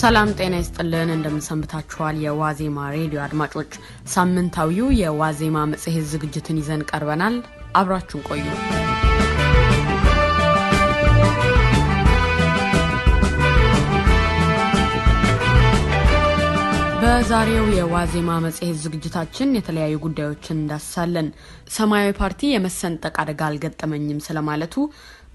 ሰላም ጤና ይስጥልን። እንደምንሰንብታችኋል? የዋዜማ ሬዲዮ አድማጮች፣ ሳምንታዊው የዋዜማ መጽሔት ዝግጅትን ይዘን ቀርበናል። አብራችሁን ቆዩ። በዛሬው የዋዜማ መጽሔት ዝግጅታችን የተለያዩ ጉዳዮችን እንዳሳለን። ሰማያዊ ፓርቲ የመሰንጠቅ አደጋ አልገጠመኝም ስለማለቱ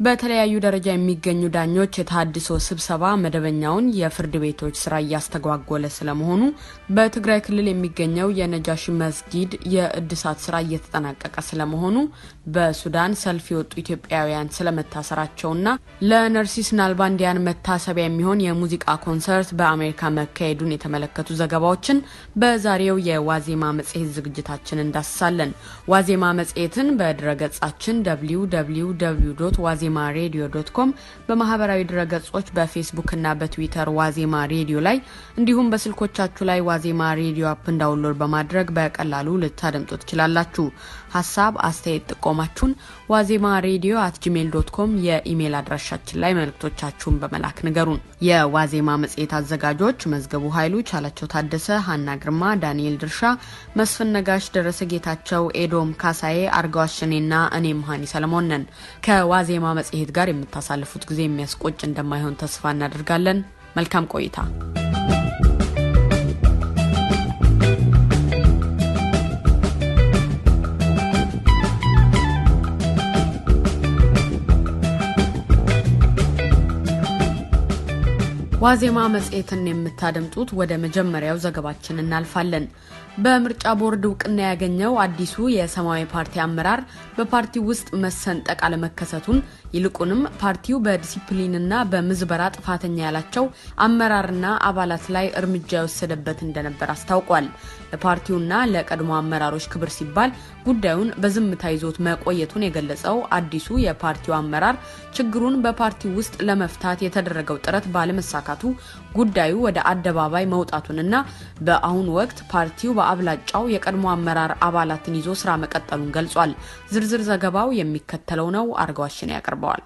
በተለያዩ ደረጃ የሚገኙ ዳኞች የተሃድሶ ስብሰባ መደበኛውን የፍርድ ቤቶች ስራ እያስተጓጎለ ስለመሆኑ በትግራይ ክልል የሚገኘው የነጃሽ መስጊድ የእድሳት ስራ እየተጠናቀቀ ስለመሆኑ በሱዳን ሰልፍ የወጡ ኢትዮጵያውያን ስለመታሰራቸውና ለነርሲስ ናልባንዲያን መታሰቢያ የሚሆን የሙዚቃ ኮንሰርት በአሜሪካ መካሄዱን የተመለከቱ ዘገባዎችን በዛሬው የዋዜማ መጽሔት ዝግጅታችን እንዳስሳለን። ዋዜማ መጽሔትን በድረገጻችን ደብሊው ደብሊው ደብሊው ዶት ዋዜ ዋዜማ ሬዲዮ ዶት ኮም በማህበራዊ ድረገጾች ና በትዊተር ዋዜማ ሬዲዮ ላይ እንዲሁም በስልኮቻችሁ ላይ ዋዜማ ሬዲዮ አፕ እንዳውንሎድ በማድረግ በቀላሉ ልታደምጡ ትችላላችሁ። ሀሳብ፣ አስተያየት፣ ጥቆማችሁን ዋዜማ ሬዲዮ አት ጂሜል ዶት ኮም የኢሜይል አድራሻችን ላይ መልእክቶቻችሁን በመላክ ንገሩን። የዋዜማ መጽሔት አዘጋጆች መዝገቡ ኃይሉ፣ ቻላቸው ታደሰ፣ ሀና ግርማ፣ ዳንኤል ድርሻ፣ መስፍን ነጋሽ፣ ደረሰ ጌታቸው፣ ኤዶም ካሳዬ፣ አርጋዋሽኔና እኔም ሀኒ ሰለሞን ነን። ከዋዜማ መጽሔት ጋር የምታሳልፉት ጊዜ የሚያስቆጭ እንደማይሆን ተስፋ እናደርጋለን። መልካም ቆይታ። ዋዜማ መጽሔትን የምታደምጡት ወደ መጀመሪያው ዘገባችን እናልፋለን። በምርጫ ቦርድ እውቅና ያገኘው አዲሱ የሰማያዊ ፓርቲ አመራር በፓርቲው ውስጥ መሰንጠቅ አለመከሰቱን ይልቁንም ፓርቲው በዲሲፕሊንና በምዝበራ ጥፋተኛ ያላቸው አመራርና አባላት ላይ እርምጃ የወሰደበት እንደነበር አስታውቋል። ለፓርቲውና ለቀድሞ አመራሮች ክብር ሲባል ጉዳዩን በዝምታ ይዞት መቆየቱን የገለጸው አዲሱ የፓርቲው አመራር ችግሩን በፓርቲው ውስጥ ለመፍታት የተደረገው ጥረት ባለመሳካቱ ጉዳዩ ወደ አደባባይ መውጣቱንና በአሁኑ ወቅት ፓርቲው በአብላጫው የቀድሞ አመራር አባላትን ይዞ ስራ መቀጠሉን ገልጿል። ዝርዝር ዘገባው የሚከተለው ነው። አርጋዋሽን ያቀርበዋል።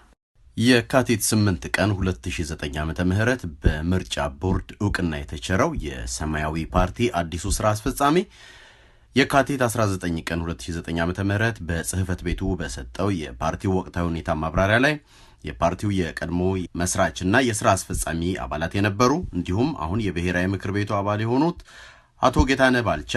የካቲት 8 ቀን 2009 ዓ ምህረት በምርጫ ቦርድ እውቅና የተቸረው የሰማያዊ ፓርቲ አዲሱ ስራ አስፈጻሚ የካቲት 19 ቀን 2009 ዓ ም በጽህፈት ቤቱ በሰጠው የፓርቲው ወቅታዊ ሁኔታ ማብራሪያ ላይ የፓርቲው የቀድሞ መስራችና የስራ አስፈጻሚ አባላት የነበሩ እንዲሁም አሁን የብሔራዊ ምክር ቤቱ አባል የሆኑት አቶ ጌታነ ባልቻ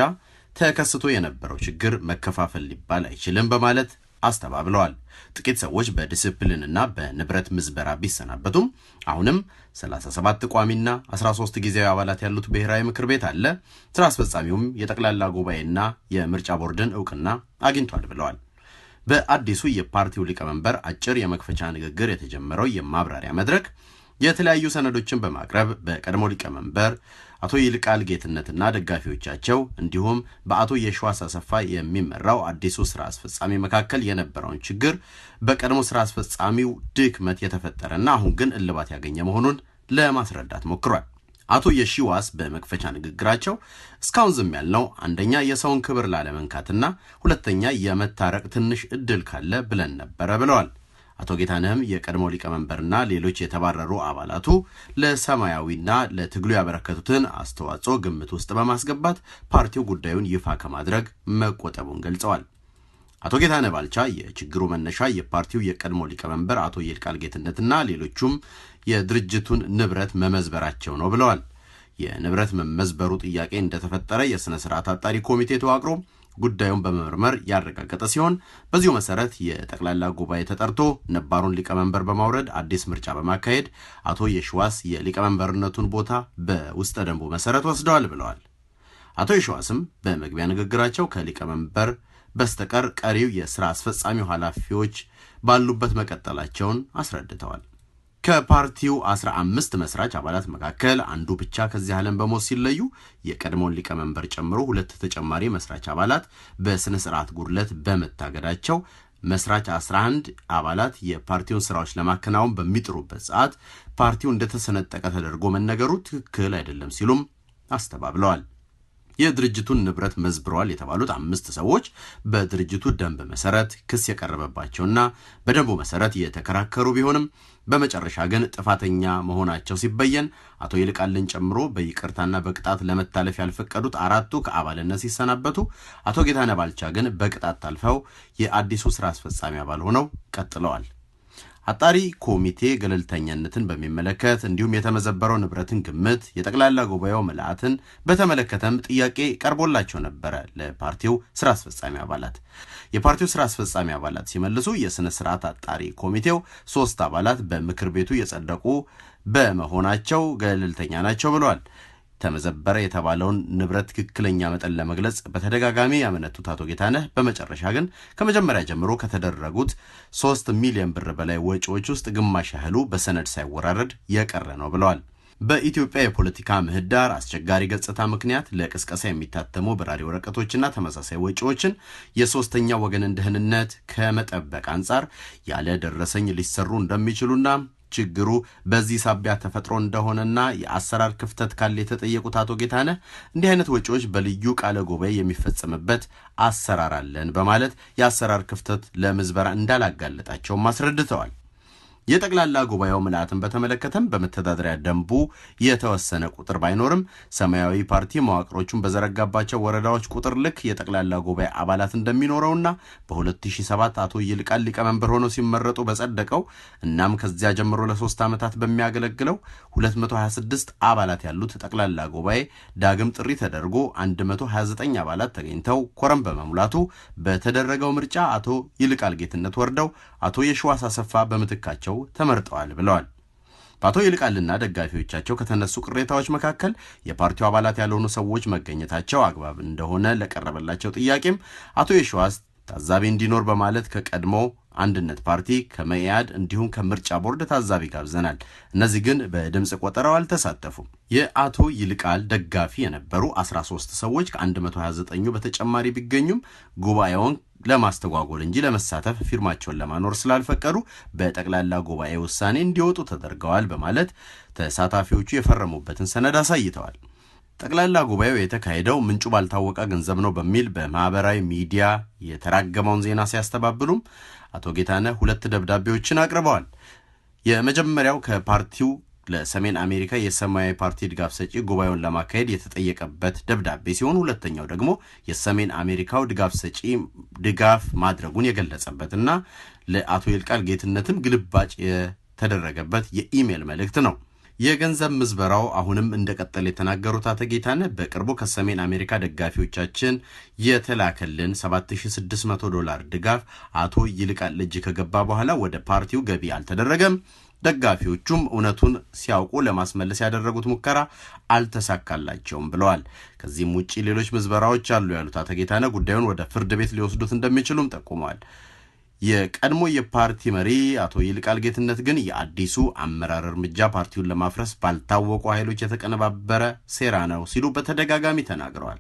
ተከስቶ የነበረው ችግር መከፋፈል ሊባል አይችልም በማለት አስተባብለዋል። ጥቂት ሰዎች በዲስፕሊንና በንብረት ምዝበራ ቢሰናበቱም አሁንም 37 ቋሚና 13 ጊዜያዊ አባላት ያሉት ብሔራዊ ምክር ቤት አለ። ስራ አስፈጻሚውም የጠቅላላ ጉባኤና የምርጫ ቦርድን እውቅና አግኝቷል ብለዋል። በአዲሱ የፓርቲው ሊቀመንበር አጭር የመክፈቻ ንግግር የተጀመረው የማብራሪያ መድረክ የተለያዩ ሰነዶችን በማቅረብ በቀድሞ ሊቀመንበር አቶ ይልቃል ጌትነትና ደጋፊዎቻቸው እንዲሁም በአቶ የሸዋስ አሰፋ የሚመራው አዲሱ ስራ አስፈጻሚ መካከል የነበረውን ችግር በቀድሞ ስራ አስፈጻሚው ድክመት የተፈጠረና አሁን ግን እልባት ያገኘ መሆኑን ለማስረዳት ሞክሯል። አቶ የሺዋስ በመክፈቻ ንግግራቸው እስካሁን ዝም ያልነው አንደኛ የሰውን ክብር ላለመንካትና ሁለተኛ የመታረቅ ትንሽ እድል ካለ ብለን ነበረ ብለዋል። አቶ ጌታነህም የቀድሞ ሊቀመንበርና ሌሎች የተባረሩ አባላቱ ለሰማያዊና ለትግሉ ያበረከቱትን አስተዋጽኦ ግምት ውስጥ በማስገባት ፓርቲው ጉዳዩን ይፋ ከማድረግ መቆጠቡን ገልጸዋል። አቶ ጌታነህ ባልቻ የችግሩ መነሻ የፓርቲው የቀድሞ ሊቀመንበር አቶ ይልቃል ጌትነትና ሌሎቹም የድርጅቱን ንብረት መመዝበራቸው ነው ብለዋል። የንብረት መመዝበሩ ጥያቄ እንደተፈጠረ የሥነ ሥርዓት አጣሪ ኮሚቴ ተዋቅሮ ጉዳዩን በመመርመር ያረጋገጠ ሲሆን በዚሁ መሰረት የጠቅላላ ጉባኤ ተጠርቶ ነባሩን ሊቀመንበር በማውረድ አዲስ ምርጫ በማካሄድ አቶ የሸዋስ የሊቀመንበርነቱን ቦታ በውስጠ ደንቡ መሰረት ወስደዋል ብለዋል። አቶ የሸዋስም በመግቢያ ንግግራቸው ከሊቀመንበር በስተቀር ቀሪው የሥራ አስፈጻሚው ኃላፊዎች ባሉበት መቀጠላቸውን አስረድተዋል። ከፓርቲው 15 መስራች አባላት መካከል አንዱ ብቻ ከዚህ ዓለም በሞት ሲለዩ የቀድሞውን ሊቀመንበር ጨምሮ ሁለት ተጨማሪ መስራች አባላት በስነ ስርዓት ጉድለት በመታገዳቸው መስራች 11 አባላት የፓርቲውን ስራዎች ለማከናወን በሚጥሩበት ሰዓት ፓርቲው እንደተሰነጠቀ ተደርጎ መነገሩ ትክክል አይደለም ሲሉም አስተባብለዋል። የድርጅቱን ንብረት መዝብረዋል የተባሉት አምስት ሰዎች በድርጅቱ ደንብ መሰረት ክስ የቀረበባቸውና በደንቡ መሰረት የተከራከሩ ቢሆንም በመጨረሻ ግን ጥፋተኛ መሆናቸው ሲበየን አቶ ይልቃልን ጨምሮ በይቅርታና በቅጣት ለመታለፍ ያልፈቀዱት አራቱ ከአባልነት ሲሰናበቱ፣ አቶ ጌታነ ባልቻ ግን በቅጣት ታልፈው የአዲሱ ስራ አስፈጻሚ አባል ሆነው ቀጥለዋል። አጣሪ ኮሚቴ ገለልተኛነትን በሚመለከት እንዲሁም የተመዘበረው ንብረትን ግምት፣ የጠቅላላ ጉባኤው ምልአትን በተመለከተም ጥያቄ ቀርቦላቸው ነበረ። ለፓርቲው ስራ አስፈጻሚ አባላት የፓርቲው ስራ አስፈጻሚ አባላት ሲመልሱ የሥነ ስርዓት አጣሪ ኮሚቴው ሶስት አባላት በምክር ቤቱ የጸደቁ በመሆናቸው ገለልተኛ ናቸው ብለዋል። ተመዘበረ የተባለውን ንብረት ትክክለኛ መጠን ለመግለጽ በተደጋጋሚ ያመነቱት አቶ ጌታነህ በመጨረሻ ግን ከመጀመሪያ ጀምሮ ከተደረጉት ሶስት ሚሊዮን ብር በላይ ወጪዎች ውስጥ ግማሽ ያህሉ በሰነድ ሳይወራረድ የቀረ ነው ብለዋል። በኢትዮጵያ የፖለቲካ ምህዳር አስቸጋሪ ገጽታ ምክንያት ለቅስቀሳ የሚታተሙ በራሪ ወረቀቶችና ተመሳሳይ ወጪዎችን የሶስተኛ ወገንን ደህንነት ከመጠበቅ አንጻር ያለ ደረሰኝ ሊሰሩ እንደሚችሉና ችግሩ በዚህ ሳቢያ ተፈጥሮ እንደሆነና የአሰራር ክፍተት ካለ የተጠየቁት አቶ ጌታነህ እንዲህ አይነት ወጪዎች በልዩ ቃለ ጉባኤ የሚፈጸምበት አሰራር አለን በማለት የአሰራር ክፍተት ለምዝበራ እንዳላጋለጣቸውም አስረድተዋል። የጠቅላላ ጉባኤው ምልአትን በተመለከተም በመተዳደሪያ ደንቡ የተወሰነ ቁጥር ባይኖርም ሰማያዊ ፓርቲ መዋቅሮቹን በዘረጋባቸው ወረዳዎች ቁጥር ልክ የጠቅላላ ጉባኤ አባላት እንደሚኖረውና በ2007 አቶ ይልቃል ሊቀመንበር ሆነው ሲመረጡ በጸደቀው እናም ከዚያ ጀምሮ ለሶስት ዓመታት በሚያገለግለው 226 አባላት ያሉት ጠቅላላ ጉባኤ ዳግም ጥሪ ተደርጎ 129 አባላት ተገኝተው ኮረም በመሙላቱ በተደረገው ምርጫ አቶ ይልቃል ጌትነት ወርደው አቶ የሸዋስ አሰፋ በምትካቸው በመሆናቸው ተመርጠዋል ብለዋል። በአቶ ይልቃልና ደጋፊዎቻቸው ከተነሱ ቅሬታዎች መካከል የፓርቲው አባላት ያልሆኑ ሰዎች መገኘታቸው አግባብ እንደሆነ ለቀረበላቸው ጥያቄም አቶ የሸዋስ ታዛቢ እንዲኖር በማለት ከቀድሞ አንድነት ፓርቲ ከመኢአድ እንዲሁም ከምርጫ ቦርድ ታዛቢ ጋብዘናል። እነዚህ ግን በድምፅ ቆጠራው አልተሳተፉም። የአቶ ይልቃል ደጋፊ የነበሩ 13 ሰዎች ከ129ኙ በተጨማሪ ቢገኙም ጉባኤውን ለማስተጓጎል እንጂ ለመሳተፍ ፊርማቸውን ለማኖር ስላልፈቀዱ በጠቅላላ ጉባኤ ውሳኔ እንዲወጡ ተደርገዋል በማለት ተሳታፊዎቹ የፈረሙበትን ሰነድ አሳይተዋል። ጠቅላላ ጉባኤው የተካሄደው ምንጩ ባልታወቀ ገንዘብ ነው በሚል በማህበራዊ ሚዲያ የተራገመውን ዜና ሲያስተባብሉም አቶ ጌታነህ ሁለት ደብዳቤዎችን አቅርበዋል። የመጀመሪያው ከፓርቲው ለሰሜን አሜሪካ የሰማያዊ ፓርቲ ድጋፍ ሰጪ ጉባኤውን ለማካሄድ የተጠየቀበት ደብዳቤ ሲሆን ሁለተኛው ደግሞ የሰሜን አሜሪካው ድጋፍ ሰጪ ድጋፍ ማድረጉን የገለጸበት እና ለአቶ ይልቃል ጌትነትም ግልባጭ የተደረገበት የኢሜይል መልእክት ነው። የገንዘብ ምዝበራው አሁንም እንደቀጠለ የተናገሩት አቶ ጌታነ በቅርቡ ከሰሜን አሜሪካ ደጋፊዎቻችን የተላከልን 7600 ዶላር ድጋፍ አቶ ይልቃል እጅ ከገባ በኋላ ወደ ፓርቲው ገቢ አልተደረገም። ደጋፊዎቹም እውነቱን ሲያውቁ ለማስመለስ ያደረጉት ሙከራ አልተሳካላቸውም ብለዋል። ከዚህም ውጭ ሌሎች ምዝበራዎች አሉ ያሉት አቶ ጌታነ ጉዳዩን ወደ ፍርድ ቤት ሊወስዱት እንደሚችሉም ጠቁመዋል። የቀድሞ የፓርቲ መሪ አቶ ይልቃል ጌትነት ግን የአዲሱ አመራር እርምጃ ፓርቲውን ለማፍረስ ባልታወቁ ኃይሎች የተቀነባበረ ሴራ ነው ሲሉ በተደጋጋሚ ተናግረዋል።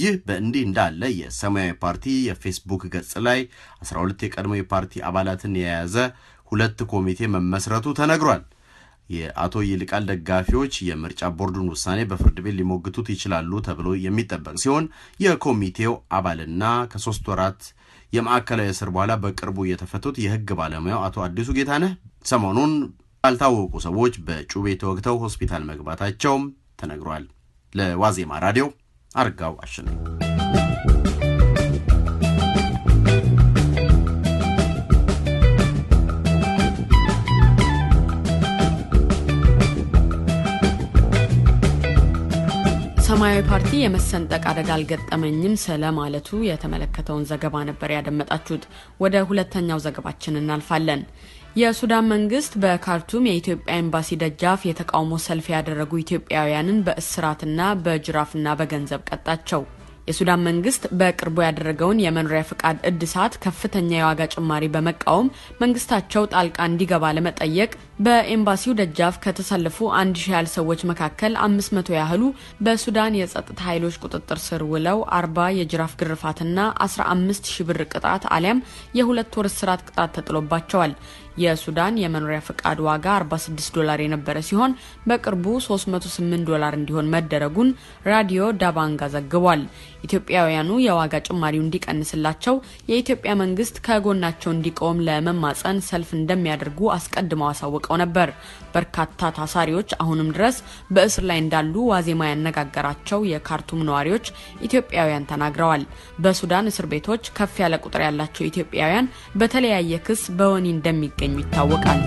ይህ በእንዲህ እንዳለ የሰማያዊ ፓርቲ የፌስቡክ ገጽ ላይ 12 የቀድሞ የፓርቲ አባላትን የያዘ ሁለት ኮሚቴ መመስረቱ ተነግሯል። የአቶ ይልቃል ደጋፊዎች የምርጫ ቦርዱን ውሳኔ በፍርድ ቤት ሊሞግቱት ይችላሉ ተብሎ የሚጠበቅ ሲሆን የኮሚቴው አባልና ከሶስት ወራት የማዕከላዊ እስር በኋላ በቅርቡ የተፈቱት የህግ ባለሙያው አቶ አዲሱ ጌታነህ ሰሞኑን ባልታወቁ ሰዎች በጩቤ ተወግተው ሆስፒታል መግባታቸውም ተነግሯል። ለዋዜማ ራዲዮ አርጋው አሸነፍ ሰማያዊ ፓርቲ የመሰንጠቅ አደጋ አልገጠመኝም ስለ ማለቱ የተመለከተውን ዘገባ ነበር ያደመጣችሁት። ወደ ሁለተኛው ዘገባችን እናልፋለን። የሱዳን መንግስት በካርቱም የኢትዮጵያ ኤምባሲ ደጃፍ የተቃውሞ ሰልፍ ያደረጉ ኢትዮጵያውያንን በእስራትና በጅራፍና በገንዘብ ቀጣቸው። የሱዳን መንግስት በቅርቡ ያደረገውን የመኖሪያ ፍቃድ እድሳት ከፍተኛ የዋጋ ጭማሪ በመቃወም መንግስታቸው ጣልቃ እንዲገባ ለመጠየቅ በኤምባሲው ደጃፍ ከተሰለፉ አንድ ሺ ያህል ሰዎች መካከል አምስት መቶ ያህሉ በሱዳን የጸጥታ ኃይሎች ቁጥጥር ስር ውለው አርባ የጅራፍ ግርፋትና አስራ አምስት ሺ ብር ቅጣት አሊያም የሁለት ወር እስራት ቅጣት ተጥሎባቸዋል። የሱዳን የመኖሪያ ፈቃድ ዋጋ 46 ዶላር የነበረ ሲሆን በቅርቡ 308 ዶላር እንዲሆን መደረጉን ራዲዮ ዳባንጋ ዘግቧል። ኢትዮጵያውያኑ የዋጋ ጭማሪው እንዲቀንስላቸው የኢትዮጵያ መንግስት ከጎናቸው እንዲቆም ለመማጸን ሰልፍ እንደሚያደርጉ አስቀድመው አሳውቀው ነበር። በርካታ ታሳሪዎች አሁንም ድረስ በእስር ላይ እንዳሉ ዋዜማ ያነጋገራቸው የካርቱም ነዋሪዎች ኢትዮጵያውያን ተናግረዋል። በሱዳን እስር ቤቶች ከፍ ያለ ቁጥር ያላቸው ኢትዮጵያውያን በተለያየ ክስ በወኒ እንደሚገኝ እንደሚገኙ ይታወቃል።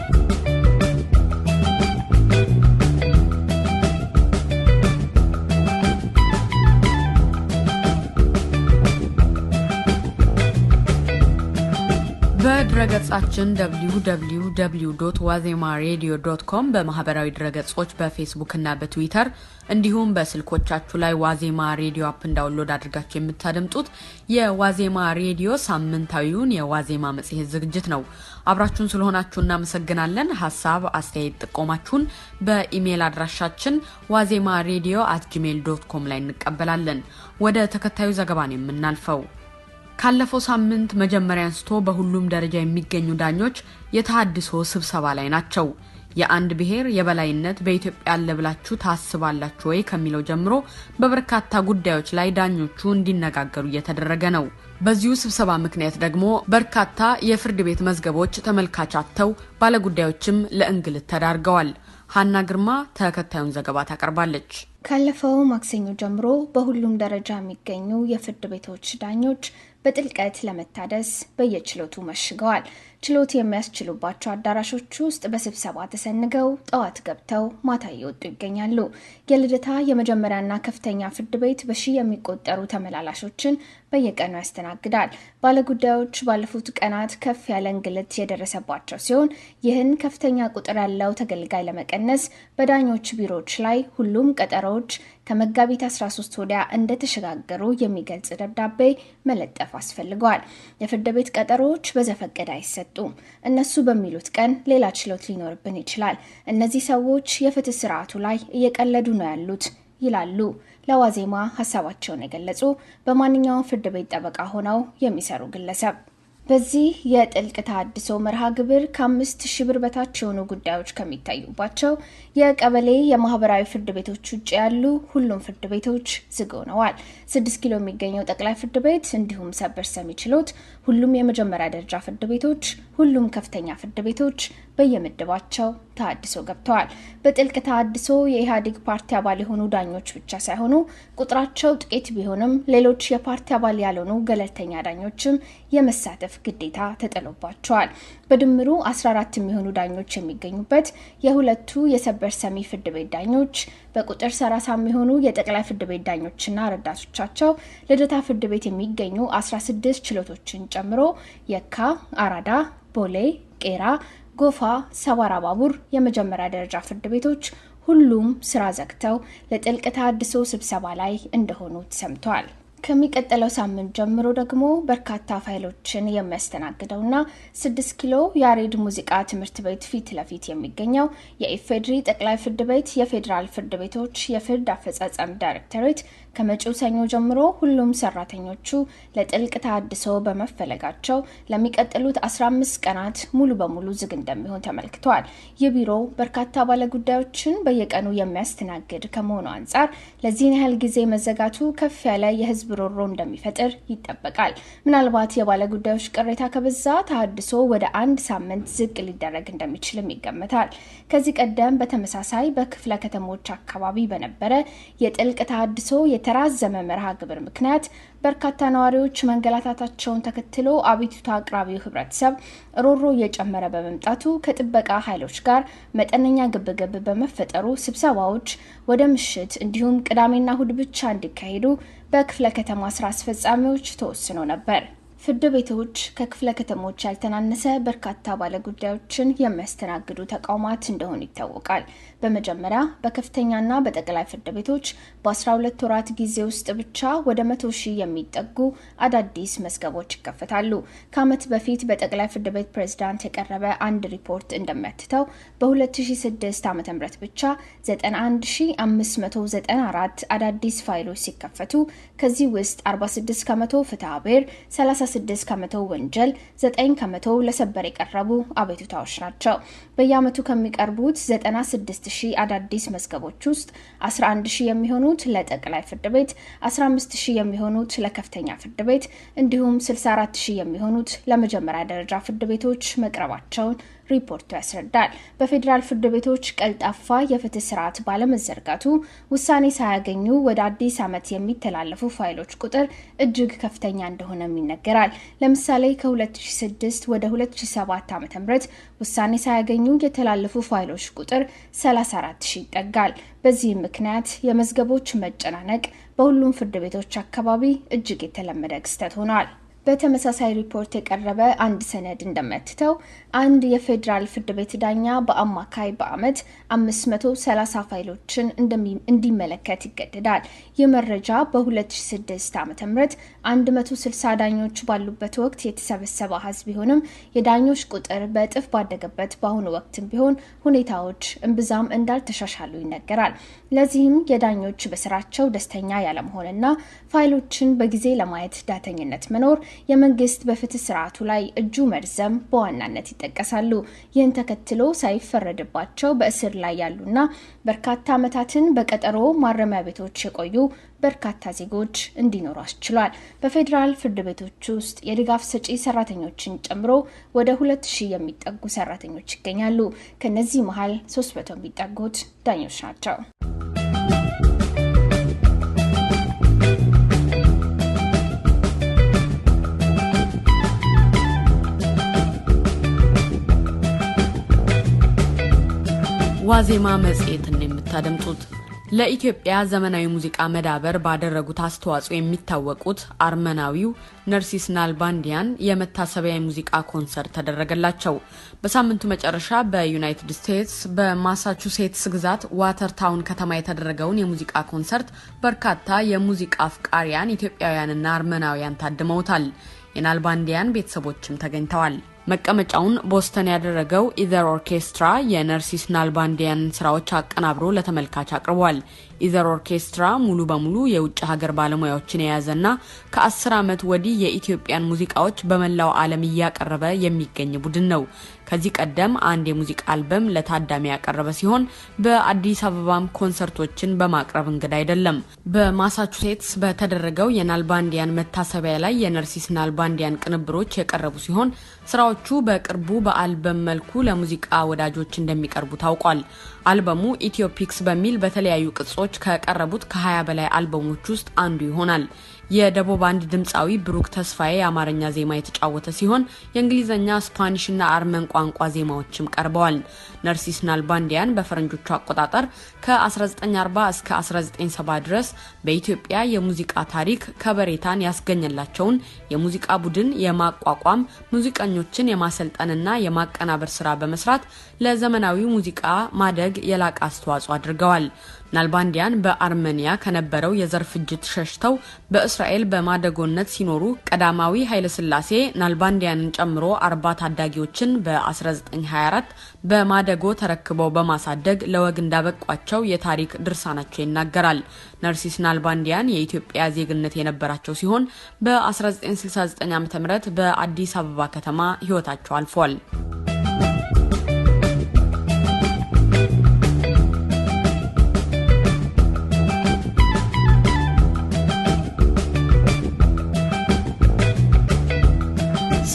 በድረገጻችን www ዋዜማ ሬዲዮ ዶት ኮም በማህበራዊ ድረገጾች በፌስቡክ እና በትዊተር እንዲሁም በስልኮቻችሁ ላይ ዋዜማ ሬዲዮ አፕ እንዳውንሎድ አድርጋችሁ የምታደምጡት የዋዜማ ሬዲዮ ሳምንታዊውን የዋዜማ መጽሔት ዝግጅት ነው። አብራችሁን ስለሆናችሁ እናመሰግናለን። ሀሳብ አስተያየት፣ ጥቆማችሁን በኢሜይል አድራሻችን ዋዜማ ሬዲዮ አት ጂሜይል ዶት ኮም ላይ እንቀበላለን። ወደ ተከታዩ ዘገባ ነው የምናልፈው። ካለፈው ሳምንት መጀመሪያ አንስቶ በሁሉም ደረጃ የሚገኙ ዳኞች የተሃድሶ ስብሰባ ላይ ናቸው። የአንድ ብሔር የበላይነት በኢትዮጵያ አለ ብላችሁ ታስባላችሁ ወይ ከሚለው ጀምሮ በበርካታ ጉዳዮች ላይ ዳኞቹ እንዲነጋገሩ እየተደረገ ነው። በዚሁ ስብሰባ ምክንያት ደግሞ በርካታ የፍርድ ቤት መዝገቦች ተመልካቻተው ባለጉዳዮችም ለእንግልት ተዳርገዋል። ሀና ግርማ ተከታዩን ዘገባ ታቀርባለች። ካለፈው ማክሰኞ ጀምሮ በሁሉም ደረጃ የሚገኙ የፍርድ ቤቶች ዳኞች በጥልቀት ለመታደስ በየችሎቱ መሽገዋል። ችሎት የሚያስችሉባቸው አዳራሾች ውስጥ በስብሰባ ተሰንገው ጠዋት ገብተው ማታ እየወጡ ይገኛሉ። የልደታ የመጀመሪያና ከፍተኛ ፍርድ ቤት በሺ የሚቆጠሩ ተመላላሾችን በየቀኑ ያስተናግዳል። ባለጉዳዮች ባለፉት ቀናት ከፍ ያለ እንግልት የደረሰባቸው ሲሆን ይህን ከፍተኛ ቁጥር ያለው ተገልጋይ ለመቀነስ በዳኞች ቢሮዎች ላይ ሁሉም ቀጠሮዎች ከመጋቢት 13 ወዲያ እንደተሸጋገሩ የሚገልጽ ደብዳቤ መለጠፍ አስፈልገዋል። የፍርድ ቤት ቀጠሮዎች በዘፈቀደ አይሰጡም። እነሱ በሚሉት ቀን ሌላ ችሎት ሊኖርብን ይችላል። እነዚህ ሰዎች የፍትህ ስርዓቱ ላይ እየቀለዱ ነው ያሉት ይላሉ ለዋዜማ ሀሳባቸውን የገለጹ በማንኛውም ፍርድ ቤት ጠበቃ ሆነው የሚሰሩ ግለሰብ በዚህ የጥልቅ ተሃድሶ መርሃ ግብር ከአምስት ሺ ብር በታች የሆኑ ጉዳዮች ከሚታዩባቸው የቀበሌ የማህበራዊ ፍርድ ቤቶች ውጭ ያሉ ሁሉም ፍርድ ቤቶች ዝግ ሆነዋል። ስድስት ኪሎ የሚገኘው ጠቅላይ ፍርድ ቤት እንዲሁም ሰበር ሰሚ ችሎት፣ ሁሉም የመጀመሪያ ደረጃ ፍርድ ቤቶች፣ ሁሉም ከፍተኛ ፍርድ ቤቶች በየምድባቸው ተሃድሶ ገብተዋል። በጥልቅ ተሃድሶ የኢህአዴግ ፓርቲ አባል የሆኑ ዳኞች ብቻ ሳይሆኑ ቁጥራቸው ጥቂት ቢሆንም ሌሎች የፓርቲ አባል ያልሆኑ ገለልተኛ ዳኞችም የመሳተፍ ግዴታ ተጥሎባቸዋል። በድምሩ 14 የሚሆኑ ዳኞች የሚገኙበት የሁለቱ የሰበር ሰሚ ፍርድ ቤት ዳኞች በቁጥር 30 የሚሆኑ የጠቅላይ ፍርድ ቤት ዳኞችና ረዳቶቻቸው ልደታ ፍርድ ቤት የሚገኙ 16 ችሎቶችን ጨምሮ የካ፣ አራዳ፣ ቦሌ፣ ቄራ ጎፋ፣ ሰባራ ባቡር የመጀመሪያ ደረጃ ፍርድ ቤቶች ሁሉም ስራ ዘግተው ለጥልቅ ተሃድሶ ስብሰባ ላይ እንደሆኑ ሰምተዋል። ከሚቀጥለው ሳምንት ጀምሮ ደግሞ በርካታ ፋይሎችን የሚያስተናግደውና ስድስት ኪሎ ያሬድ ሙዚቃ ትምህርት ቤት ፊት ለፊት የሚገኘው የኢፌድሪ ጠቅላይ ፍርድ ቤት የፌዴራል ፍርድ ቤቶች የፍርድ አፈጻጸም ዳይሬክቶሬት ከመጪው ሰኞ ጀምሮ ሁሉም ሰራተኞቹ ለጥልቅ ተሃድሶ በመፈለጋቸው ለሚቀጥሉት 15 ቀናት ሙሉ በሙሉ ዝግ እንደሚሆን ተመልክተዋል። ይህ ቢሮ በርካታ ባለጉዳዮችን በየቀኑ የሚያስተናግድ ከመሆኑ አንጻር ለዚህን ያህል ጊዜ መዘጋቱ ከፍ ያለ የህዝብ የህዝብ ሮሮ እንደሚፈጥር ይጠበቃል። ምናልባት የባለ ጉዳዮች ቅሬታ ከበዛ ታድሶ ወደ አንድ ሳምንት ዝቅ ሊደረግ እንደሚችልም ይገመታል። ከዚህ ቀደም በተመሳሳይ በክፍለ ከተሞች አካባቢ በነበረ የጥልቅ ታድሶ የተራዘመ መርሃ ግብር ምክንያት በርካታ ነዋሪዎች መንገላታታቸውን ተከትሎ አቤቱታ አቅራቢው ህብረተሰብ ሮሮ እየጨመረ በመምጣቱ ከጥበቃ ኃይሎች ጋር መጠነኛ ግብግብ በመፈጠሩ ስብሰባዎች ወደ ምሽት እንዲሁም ቅዳሜና እሁድ ብቻ እንዲካሄዱ በክፍለ ከተማ ስራ አስፈጻሚዎች ተወስኖ ነበር። ፍርድ ቤቶች ከክፍለ ከተሞች ያልተናነሰ በርካታ ባለጉዳዮችን የሚያስተናግዱ ተቋማት እንደሆኑ ይታወቃል። በመጀመሪያ በከፍተኛና በጠቅላይ ፍርድ ቤቶች በ12 ወራት ጊዜ ውስጥ ብቻ ወደ መቶ ሺህ የሚጠጉ አዳዲስ መዝገቦች ይከፈታሉ። ከዓመት በፊት በጠቅላይ ፍርድ ቤት ፕሬዝዳንት የቀረበ አንድ ሪፖርት እንደሚያትተው በ2006 ዓ ም ብቻ 91594 አዳዲስ ፋይሎች ሲከፈቱ ከዚህ ውስጥ 46 ከመቶ ፍትሐ ብሔር 16 ከመቶ ወንጀል 9 ከመቶ ለሰበር የቀረቡ አቤቱታዎች ናቸው። በየአመቱ ከሚቀርቡት 96 ሺህ አዳዲስ መዝገቦች ውስጥ 11 ሺህ የሚሆኑት ለጠቅላይ ፍርድ ቤት፣ 15 ሺህ የሚሆኑት ለከፍተኛ ፍርድ ቤት እንዲሁም 64 ሺህ የሚሆኑት ለመጀመሪያ ደረጃ ፍርድ ቤቶች መቅረባቸውን ሪፖርቱ ያስረዳል። በፌዴራል ፍርድ ቤቶች ቀልጣፋ የፍትህ ስርዓት ባለመዘርጋቱ ውሳኔ ሳያገኙ ወደ አዲስ ዓመት የሚተላለፉ ፋይሎች ቁጥር እጅግ ከፍተኛ እንደሆነም ይነገራል። ለምሳሌ ከ2006 ወደ 2007 ዓ.ም ውሳኔ ሳያገኙ የተላለፉ ፋይሎች ቁጥር 34 ይጠጋል። በዚህም ምክንያት የመዝገቦች መጨናነቅ በሁሉም ፍርድ ቤቶች አካባቢ እጅግ የተለመደ ክስተት ሆኗል። በተመሳሳይ ሪፖርት የቀረበ አንድ ሰነድ እንደሚያትተው አንድ የፌዴራል ፍርድ ቤት ዳኛ በአማካይ በዓመት 530 ፋይሎችን እንዲመለከት ይገደዳል። ይህ መረጃ በ2006 ዓ ም 160 ዳኞች ባሉበት ወቅት የተሰበሰበ አሃዝ ቢሆንም የዳኞች ቁጥር በእጥፍ ባደገበት በአሁኑ ወቅትም ቢሆን ሁኔታዎች እምብዛም እንዳልተሻሻሉ ይነገራል። ለዚህም የዳኞች በስራቸው ደስተኛ ያለመሆንና ፋይሎችን በጊዜ ለማየት ዳተኝነት መኖር የመንግስት በፍትህ ስርዓቱ ላይ እጁ መርዘም በዋናነት ይጠቀሳሉ። ይህን ተከትሎ ሳይፈረድባቸው በእስር ላይ ያሉና በርካታ ዓመታትን በቀጠሮ ማረሚያ ቤቶች የቆዩ በርካታ ዜጎች እንዲኖሩ አስችሏል። በፌዴራል ፍርድ ቤቶች ውስጥ የድጋፍ ሰጪ ሰራተኞችን ጨምሮ ወደ ሁለት ሺህ የሚጠጉ ሰራተኞች ይገኛሉ። ከነዚህ መሀል ሶስት መቶ የሚጠጉት ዳኞች ናቸው። ዋዜማ መጽሔትን የምታደምጡት ለኢትዮጵያ ዘመናዊ ሙዚቃ መዳበር ባደረጉት አስተዋጽኦ የሚታወቁት አርመናዊው ነርሲስ ናልባንዲያን የመታሰቢያ የሙዚቃ ኮንሰርት ተደረገላቸው። በሳምንቱ መጨረሻ በዩናይትድ ስቴትስ በማሳቹሴትስ ግዛት ዋተርታውን ከተማ የተደረገውን የሙዚቃ ኮንሰርት በርካታ የሙዚቃ አፍቃሪያን ኢትዮጵያውያንና አርመናውያን ታድመውታል። የናልባንዲያን ቤተሰቦችም ተገኝተዋል። መቀመጫውን ቦስተን ያደረገው ኢዘር ኦርኬስትራ የነርሲስ ናልባንዲያን ስራዎች አቀናብሮ ለተመልካች አቅርቧል። ኢዘር ኦርኬስትራ ሙሉ በሙሉ የውጭ ሀገር ባለሙያዎችን የያዘና ከአስር ዓመት ወዲህ የኢትዮጵያን ሙዚቃዎች በመላው ዓለም እያቀረበ የሚገኝ ቡድን ነው። ከዚህ ቀደም አንድ የሙዚቃ አልበም ለታዳሚ ያቀረበ ሲሆን በአዲስ አበባም ኮንሰርቶችን በማቅረብ እንግዳ አይደለም። በማሳቹሴትስ በተደረገው የናልባንዲያን መታሰቢያ ላይ የነርሲስ ናልባንዲያን ቅንብሮች የቀረቡ ሲሆን ስራዎቹ በቅርቡ በአልበም መልኩ ለሙዚቃ ወዳጆች እንደሚቀርቡ ታውቋል። አልበሙ ኢትዮፒክስ በሚል በተለያዩ ቅጾች ከቀረቡት ከ20 በላይ አልበሞች ውስጥ አንዱ ይሆናል። የደቡብ አንድ ድምፃዊ ብሩክ ተስፋዬ የአማርኛ ዜማ የተጫወተ ሲሆን የእንግሊዝኛ፣ ስፓኒሽና አርመን ቋንቋ ዜማዎችም ቀርበዋል። ነርሲስ ናልባንዲያን በፈረንጆቹ አቆጣጠር ከ1940 እስከ 1970 ድረስ በኢትዮጵያ የሙዚቃ ታሪክ ከበሬታን ያስገኘላቸውን የሙዚቃ ቡድን የማቋቋም ሙዚቀኞ ሙዚቀኞችን የማሰልጠንና የማቀናበር ስራ በመስራት ለዘመናዊ ሙዚቃ ማደግ የላቀ አስተዋጽኦ አድርገዋል። ናልባንዲያን በአርሜኒያ ከነበረው የዘር ፍጅት ሸሽተው በእስራኤል በማደጎነት ሲኖሩ ቀዳማዊ ኃይለሥላሴ ናልባንዲያንን ጨምሮ አርባ ታዳጊዎችን በ1924 በማደጎ ተረክበው በማሳደግ ለወግ እንዳበቋቸው የታሪክ ድርሳናቸው ይናገራል። ነርሲስ ናልባንዲያን የኢትዮጵያ ዜግነት የነበራቸው ሲሆን በ1969 ዓ ም በአዲስ አበባ ከተማ ሕይወታቸው አልፏል።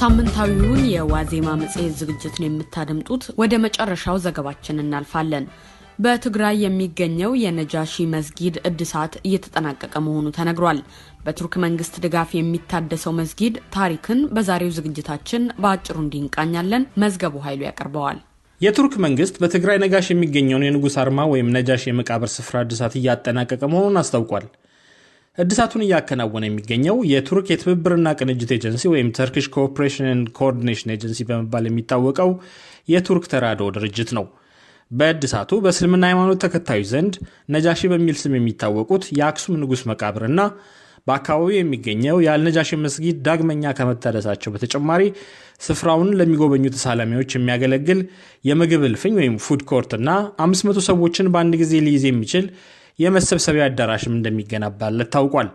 ሳምንታዊውን የዋዜማ መጽሔት ዝግጅት ነው የምታደምጡት። ወደ መጨረሻው ዘገባችን እናልፋለን። በትግራይ የሚገኘው የነጃሺ መስጊድ እድሳት እየተጠናቀቀ መሆኑ ተነግሯል። በቱርክ መንግስት ድጋፍ የሚታደሰው መስጊድ ታሪክን በዛሬው ዝግጅታችን በአጭሩ እንዲንቃኛለን። መዝገቡ ኃይሉ ያቀርበዋል። የቱርክ መንግስት በትግራይ ነጋሽ የሚገኘውን የንጉሥ አርማ ወይም ነጃሽ የመቃብር ስፍራ እድሳት እያጠናቀቀ መሆኑን አስታውቋል። እድሳቱን እያከናወነ የሚገኘው የቱርክ የትብብርና ቅንጅት ኤጀንሲ ወይም ተርኪሽ ኮኦፕሬሽን ኮኦርዲኔሽን ኤጀንሲ በመባል የሚታወቀው የቱርክ ተራድኦ ድርጅት ነው። በእድሳቱ በእስልምና ሃይማኖት ተከታዮች ዘንድ ነጃሺ በሚል ስም የሚታወቁት የአክሱም ንጉሥ መቃብርና በአካባቢው የሚገኘው የአልነጃሺ መስጊድ ዳግመኛ ከመታደሳቸው በተጨማሪ ስፍራውን ለሚጎበኙ ተሳላሚዎች የሚያገለግል የምግብ እልፍኝ ወይም ፉድ ኮርት እና 500 ሰዎችን በአንድ ጊዜ ሊይዝ የሚችል የመሰብሰቢያ አዳራሽም እንደሚገነባለት ታውቋል።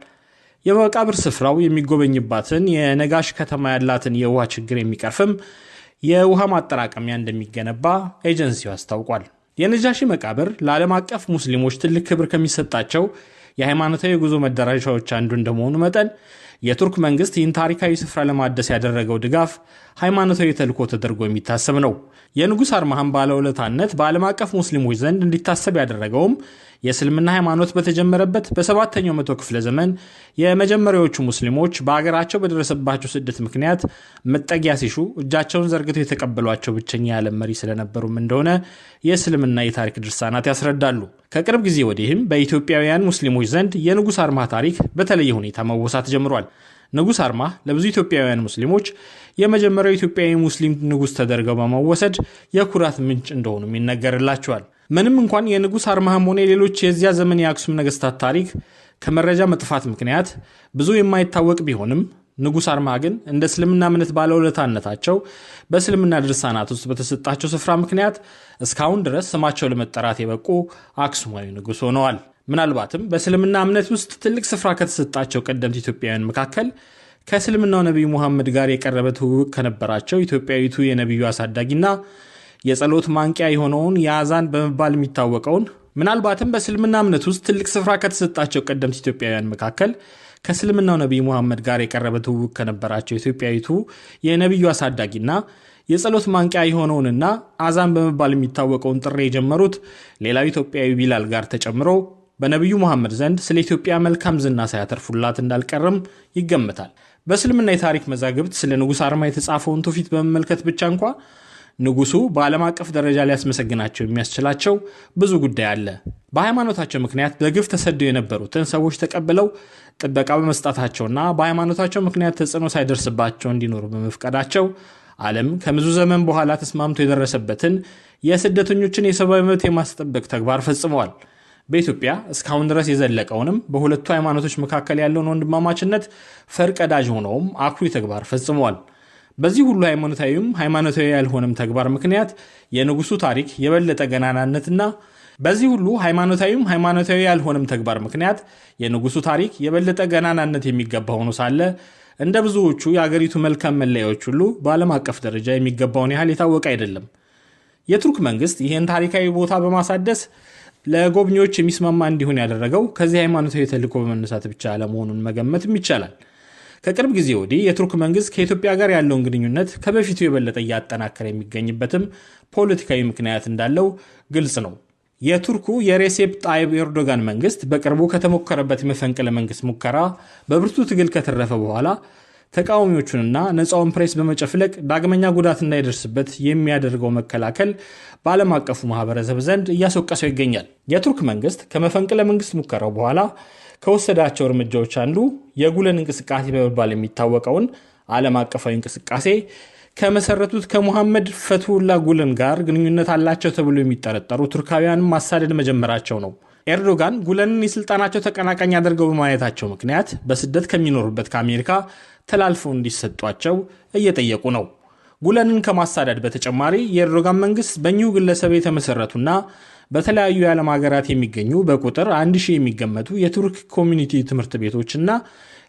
የመቃብር ስፍራው የሚጎበኝባትን የነጋሽ ከተማ ያላትን የውሃ ችግር የሚቀርፍም የውሃ ማጠራቀሚያ እንደሚገነባ ኤጀንሲው አስታውቋል። የነጃሺ መቃብር ለዓለም አቀፍ ሙስሊሞች ትልቅ ክብር ከሚሰጣቸው የሃይማኖታዊ የጉዞ መዳረሻዎች አንዱ እንደመሆኑ መጠን የቱርክ መንግስት ይህን ታሪካዊ ስፍራ ለማደስ ያደረገው ድጋፍ ሃይማኖታዊ ተልኮ ተደርጎ የሚታሰብ ነው። የንጉሥ አርማሃን ባለውለታነት በዓለም አቀፍ ሙስሊሞች ዘንድ እንዲታሰብ ያደረገውም የእስልምና ሃይማኖት በተጀመረበት በሰባተኛው መቶ ክፍለ ዘመን የመጀመሪያዎቹ ሙስሊሞች በአገራቸው በደረሰባቸው ስደት ምክንያት መጠጊያ ሲሹ እጃቸውን ዘርግተው የተቀበሏቸው ብቸኛ የዓለም መሪ ስለነበሩም እንደሆነ የእስልምና የታሪክ ድርሳናት ያስረዳሉ። ከቅርብ ጊዜ ወዲህም በኢትዮጵያውያን ሙስሊሞች ዘንድ የንጉሥ አርማ ታሪክ በተለየ ሁኔታ መወሳት ጀምሯል። ንጉሥ አርማ ለብዙ ኢትዮጵያውያን ሙስሊሞች የመጀመሪያው ኢትዮጵያዊ ሙስሊም ንጉሥ ተደርገው በመወሰድ የኩራት ምንጭ እንደሆኑም ይነገርላቸዋል። ምንም እንኳን የንጉሥ አርማህም ሆነ የሌሎች የዚያ ዘመን የአክሱም ነገሥታት ታሪክ ከመረጃ መጥፋት ምክንያት ብዙ የማይታወቅ ቢሆንም ንጉሥ አርማ ግን እንደ እስልምና እምነት ባለውለታነታቸው በእስልምና ድርሳናት ውስጥ በተሰጣቸው ስፍራ ምክንያት እስካሁን ድረስ ስማቸው ለመጠራት የበቁ አክሱማዊ ንጉሥ ሆነዋል። ምናልባትም በእስልምና እምነት ውስጥ ትልቅ ስፍራ ከተሰጣቸው ቀደምት ኢትዮጵያውያን መካከል ከእስልምናው ነቢዩ ሙሐመድ ጋር የቀረበ ትውውቅ ከነበራቸው ኢትዮጵያዊቱ የነቢዩ አሳዳጊና የጸሎት ማንቂያ የሆነውን የአዛን በመባል የሚታወቀውን ምናልባትም በእስልምና እምነት ውስጥ ትልቅ ስፍራ ከተሰጣቸው ቀደምት ኢትዮጵያውያን መካከል ከእስልምናው ነቢይ ሙሐመድ ጋር የቀረበ ትውውቅ ከነበራቸው ኢትዮጵያዊቱ የነቢዩ አሳዳጊና የጸሎት ማንቂያ የሆነውንና አዛን በመባል የሚታወቀውን ጥሪ የጀመሩት ሌላው ኢትዮጵያዊ ቢላል ጋር ተጨምሮ በነቢዩ መሐመድ ዘንድ ስለ ኢትዮጵያ መልካም ዝና ሳያተርፉላት እንዳልቀርም ይገመታል። በእስልምና የታሪክ መዛግብት ስለ ንጉሥ አርማ የተጻፈውን ትውፊት በመመልከት ብቻ እንኳ ንጉሱ በዓለም አቀፍ ደረጃ ሊያስመሰግናቸው የሚያስችላቸው ብዙ ጉዳይ አለ። በሃይማኖታቸው ምክንያት በግፍ ተሰደው የነበሩትን ሰዎች ተቀብለው ጥበቃ በመስጣታቸውና በሃይማኖታቸው ምክንያት ተጽዕኖ ሳይደርስባቸው እንዲኖሩ በመፍቀዳቸው ዓለም ከብዙ ዘመን በኋላ ተስማምቶ የደረሰበትን የስደተኞችን የሰብአዊ መብት የማስጠበቅ ተግባር ፈጽመዋል። በኢትዮጵያ እስካሁን ድረስ የዘለቀውንም በሁለቱ ሃይማኖቶች መካከል ያለውን ወንድማማችነት ፈርቀዳጅ ሆነውም አኩሪ ተግባር ፈጽመዋል። በዚህ ሁሉ ሃይማኖታዊም ሃይማኖታዊ ያልሆነም ተግባር ምክንያት የንጉሱ ታሪክ የበለጠ ገናናነትና በዚህ ሁሉ ሃይማኖታዊም ሃይማኖታዊ ያልሆነም ተግባር ምክንያት የንጉሱ ታሪክ የበለጠ ገናናነት የሚገባ ሆኖ ሳለ እንደ ብዙዎቹ የአገሪቱ መልካም መለያዎች ሁሉ በዓለም አቀፍ ደረጃ የሚገባውን ያህል የታወቀ አይደለም። የቱርክ መንግስት ይህን ታሪካዊ ቦታ በማሳደስ ለጎብኚዎች የሚስማማ እንዲሆን ያደረገው ከዚህ ሃይማኖታዊ ተልዕኮ በመነሳት ብቻ ለመሆኑን መገመትም ይቻላል። ከቅርብ ጊዜ ወዲህ የቱርክ መንግስት ከኢትዮጵያ ጋር ያለውን ግንኙነት ከበፊቱ የበለጠ እያጠናከረ የሚገኝበትም ፖለቲካዊ ምክንያት እንዳለው ግልጽ ነው። የቱርኩ የሬሴፕ ጣይብ ኤርዶጋን መንግስት በቅርቡ ከተሞከረበት የመፈንቅለ መንግስት ሙከራ በብርቱ ትግል ከተረፈ በኋላ ተቃዋሚዎቹንና ነፃውን ፕሬስ በመጨፍለቅ ዳግመኛ ጉዳት እንዳይደርስበት የሚያደርገው መከላከል በዓለም አቀፉ ማህበረሰብ ዘንድ እያስወቀሰው ይገኛል። የቱርክ መንግስት ከመፈንቅለ መንግስት ሙከራው በኋላ ከወሰዳቸው እርምጃዎች አንዱ የጉለን እንቅስቃሴ በመባል የሚታወቀውን ዓለም አቀፋዊ እንቅስቃሴ ከመሰረቱት ከሙሐመድ ፈትሁላ ጉለን ጋር ግንኙነት አላቸው ተብሎ የሚጠረጠሩ ቱርካውያንም ማሳደድ መጀመራቸው ነው። ኤርዶጋን ጉለንን የስልጣናቸው ተቀናቃኝ አድርገው በማየታቸው ምክንያት በስደት ከሚኖሩበት ከአሜሪካ ተላልፈው እንዲሰጧቸው እየጠየቁ ነው። ጉለንን ከማሳደድ በተጨማሪ የኤርዶጋን መንግስት በእኚሁ ግለሰብ የተመሰረቱና በተለያዩ የዓለም ሀገራት የሚገኙ በቁጥር አንድ ሺህ የሚገመቱ የቱርክ ኮሚኒቲ ትምህርት ቤቶችና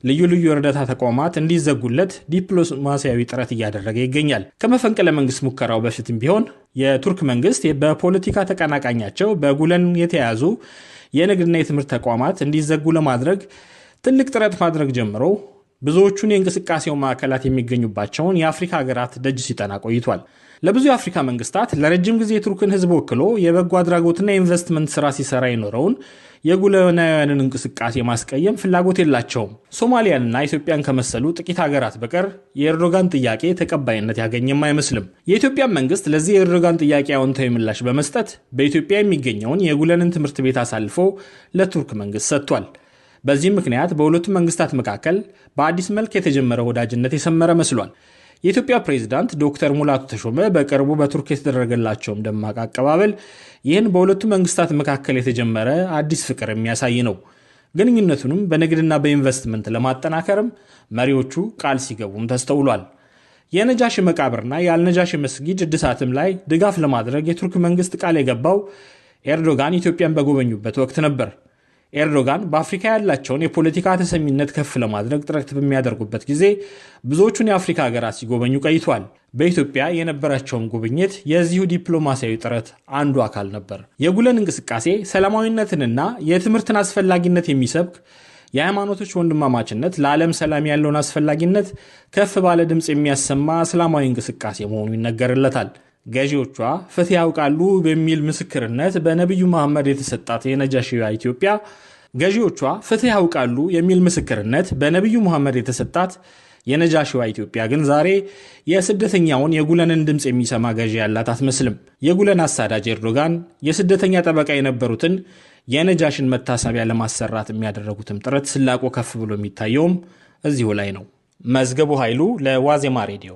ልዩ ልዩ እርዳታ ተቋማት እንዲዘጉለት ዲፕሎማሲያዊ ጥረት እያደረገ ይገኛል። ከመፈንቅለ መንግስት ሙከራው በፊትም ቢሆን የቱርክ መንግስት በፖለቲካ ተቀናቃኛቸው በጉለን የተያዙ የንግድና የትምህርት ተቋማት እንዲዘጉ ለማድረግ ትልቅ ጥረት ማድረግ ጀምሮ ብዙዎቹን የእንቅስቃሴው ማዕከላት የሚገኙባቸውን የአፍሪካ ሀገራት ደጅ ሲጠና ቆይቷል። ለብዙ የአፍሪካ መንግስታት ለረጅም ጊዜ የቱርክን ህዝብ ወክሎ የበጎ አድራጎትና የኢንቨስትመንት ስራ ሲሰራ የኖረውን የጉለናውያንን እንቅስቃሴ ማስቀየም ፍላጎት የላቸውም። ሶማሊያንና ኢትዮጵያን ከመሰሉ ጥቂት ሀገራት በቀር የኤርዶጋን ጥያቄ ተቀባይነት ያገኘም አይመስልም። የኢትዮጵያን መንግስት ለዚህ የኤርዶጋን ጥያቄ አዎንታዊ ምላሽ በመስጠት በኢትዮጵያ የሚገኘውን የጉለንን ትምህርት ቤት አሳልፎ ለቱርክ መንግስት ሰጥቷል። በዚህም ምክንያት በሁለቱም መንግስታት መካከል በአዲስ መልክ የተጀመረ ወዳጅነት የሰመረ መስሏል። የኢትዮጵያ ፕሬዝዳንት ዶክተር ሙላቱ ተሾመ በቅርቡ በቱርክ የተደረገላቸውም ደማቅ አቀባበል ይህን በሁለቱ መንግስታት መካከል የተጀመረ አዲስ ፍቅር የሚያሳይ ነው። ግንኙነቱንም በንግድና በኢንቨስትመንት ለማጠናከርም መሪዎቹ ቃል ሲገቡም ተስተውሏል። የነጃሽ መቃብርና የአልነጃሽ መስጊድ እድሳትም ላይ ድጋፍ ለማድረግ የቱርክ መንግስት ቃል የገባው ኤርዶጋን ኢትዮጵያን በጎበኙበት ወቅት ነበር። ኤርዶጋን በአፍሪካ ያላቸውን የፖለቲካ ተሰሚነት ከፍ ለማድረግ ጥረት በሚያደርጉበት ጊዜ ብዙዎቹን የአፍሪካ ሀገራት ሲጎበኙ ቆይቷል። በኢትዮጵያ የነበራቸውም ጉብኝት የዚሁ ዲፕሎማሲያዊ ጥረት አንዱ አካል ነበር። የጉለን እንቅስቃሴ ሰላማዊነትንና የትምህርትን አስፈላጊነት የሚሰብክ የሃይማኖቶች ወንድማማችነት ለዓለም ሰላም ያለውን አስፈላጊነት ከፍ ባለ ድምፅ የሚያሰማ እስላማዊ እንቅስቃሴ መሆኑ ይነገርለታል። ገዢዎቿ ፍትህ ያውቃሉ በሚል ምስክርነት በነቢዩ መሐመድ የተሰጣት የነጃሺያ ኢትዮጵያ ገዢዎቿ ፍትህ ያውቃሉ የሚል ምስክርነት በነቢዩ መሐመድ የተሰጣት የነጃሽዋ ኢትዮጵያ ግን ዛሬ የስደተኛውን የጉለንን ድምፅ የሚሰማ ገዢ ያላት አትመስልም። የጉለን አሳዳጅ ኤርዶጋን የስደተኛ ጠበቃ የነበሩትን የነጃሽን መታሰቢያ ለማሰራት የሚያደረጉትም ጥረት ስላቆ ከፍ ብሎ የሚታየውም እዚሁ ላይ ነው። መዝገቡ ኃይሉ ለዋዜማ ሬዲዮ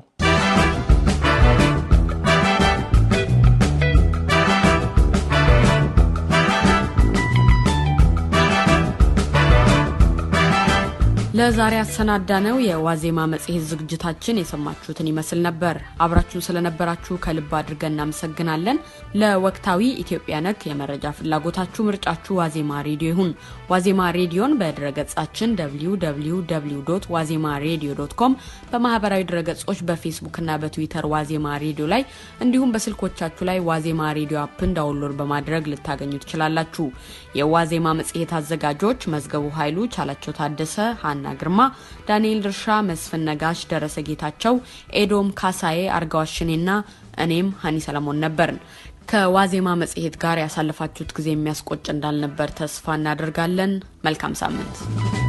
ለዛሬ ያሰናዳነው የዋዜማ መጽሔት ዝግጅታችን የሰማችሁትን ይመስል ነበር። አብራችሁን ስለነበራችሁ ከልብ አድርገን እናመሰግናለን። ለወቅታዊ ኢትዮጵያ ነክ የመረጃ ፍላጎታችሁ ምርጫችሁ ዋዜማ ሬዲዮ ይሁን። ዋዜማ ሬዲዮን በድረገጻችን ደብልዩ ደብልዩ ደብልዩ ዶት ዋዜማ ሬዲዮ ዶት ኮም፣ በማህበራዊ ድረገጾች በፌስቡክና በትዊተር ዋዜማ ሬዲዮ ላይ እንዲሁም በስልኮቻችሁ ላይ ዋዜማ ሬዲዮ አፕን ዳውንሎድ በማድረግ ልታገኙ ትችላላችሁ። የዋዜማ መጽሔት አዘጋጆች መዝገቡ ኃይሉ፣ ቻላቸው ታደሰ፣ ሀና ሀና ግርማ፣ ዳንኤል ድርሻ፣ መስፍን ነጋሽ፣ ደረሰ ጌታቸው፣ ኤዶም ካሳዬ፣ አርጋዋሽኔና እኔም ሀኒ ሰለሞን ነበርን። ከዋዜማ መጽሔት ጋር ያሳለፋችሁት ጊዜ የሚያስቆጭ እንዳልነበር ተስፋ እናደርጋለን። መልካም ሳምንት።